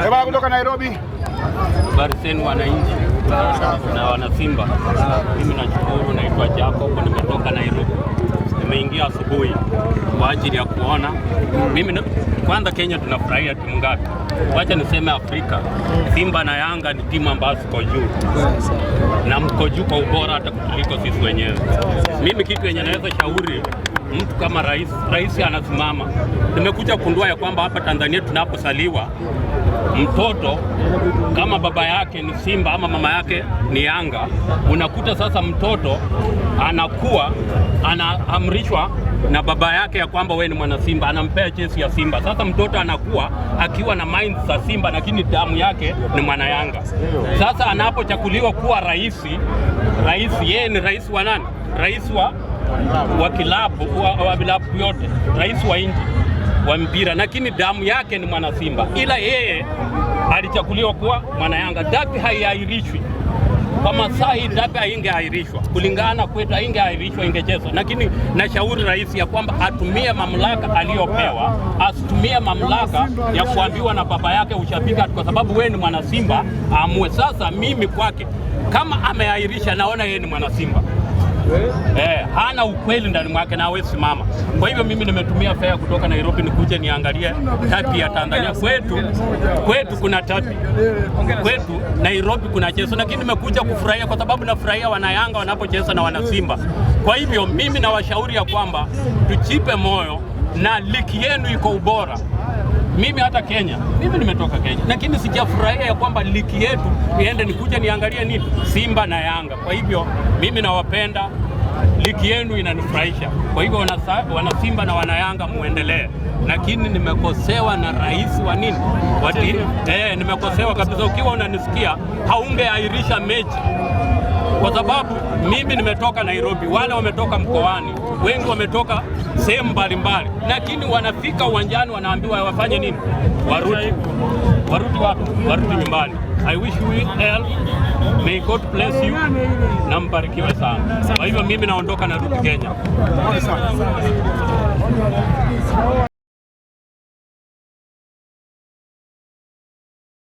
Bwana kutoka Nairobi. Habari zenu wananchi na wanasimba. Mimi nashukuru, naitwa Jacob, nimetoka Nairobi, nimeingia asubuhi kwa ajili ya kuona mimi. Kwanza Kenya tunafurahia timu ngapi? Wacha niseme Afrika, Simba na Yanga ni timu ambazo ziko juu na mko juu kwa ubora hata kutuliko sisi wenyewe. Mimi kitu yenye naweza shauri mtu kama rais, rais anasimama. Nimekuja kundua ya kwamba hapa Tanzania tunaposaliwa mtoto kama baba yake ni simba ama mama yake ni yanga, unakuta sasa mtoto anakuwa anaamrishwa na baba yake ya kwamba wewe ni mwana simba, anampea chesi ya simba. Sasa mtoto anakuwa akiwa na mind za simba, lakini damu yake ni mwana yanga. Sasa anapochakuliwa kuwa rais, rais yeye ni rais wa nani? Rais wa wa kilabu wa vilabu vyote, rais wa nchi wa mpira, lakini damu yake ni mwana Simba, ila yeye alichaguliwa kuwa mwana Yanga. Dabi haiahirishwi kwa saa hii dabi haingeahirishwa, kulingana kwetu haingeahirishwa, ingechezwa. Lakini nashauri rais ya kwamba atumie mamlaka aliyopewa, asitumie mamlaka ya kuambiwa na baba yake ushabika, kwa sababu wewe ni mwana Simba, aamue sasa. Mimi kwake kama ameahirisha, naona yeye ni mwana Simba eh, hana ukweli ndani mwake, na wewe simama. Kwa hivyo mimi nimetumia fea kutoka Nairobi nikuje niangalie tapi ya Tanzania kwetu. Kwetu kuna tapi kwetu Nairobi kuna chezo, lakini nimekuja kufurahia kwa sababu nafurahia wanayanga wanapocheza na wanasimba. Kwa hivyo mimi nawashauri ya kwamba tuchipe moyo na liki yenu iko ubora. Mimi hata Kenya, mimi nimetoka Kenya, lakini sijafurahia ya kwamba ligi yetu iende, nikuja niangalie nini Simba na Yanga. Kwa hivyo mimi nawapenda, ligi yenu inanifurahisha. Kwa hivyo wana, Simba na wana Yanga, muendelee. Lakini nimekosewa na rais wa nini wati, eh, nimekosewa kabisa. Ukiwa unanisikia haungeahirisha mechi kwa sababu mimi nimetoka Nairobi, wale wametoka mkoani, wengi wametoka sehemu mbalimbali, lakini wanafika uwanjani wanaambiwa wafanye nini? Warudi, warudi wapi? Warudi nyumbani. I wish you well. may God bless you na mbarikiwe sana. Kwa hivyo mimi naondoka, narudi Kenya.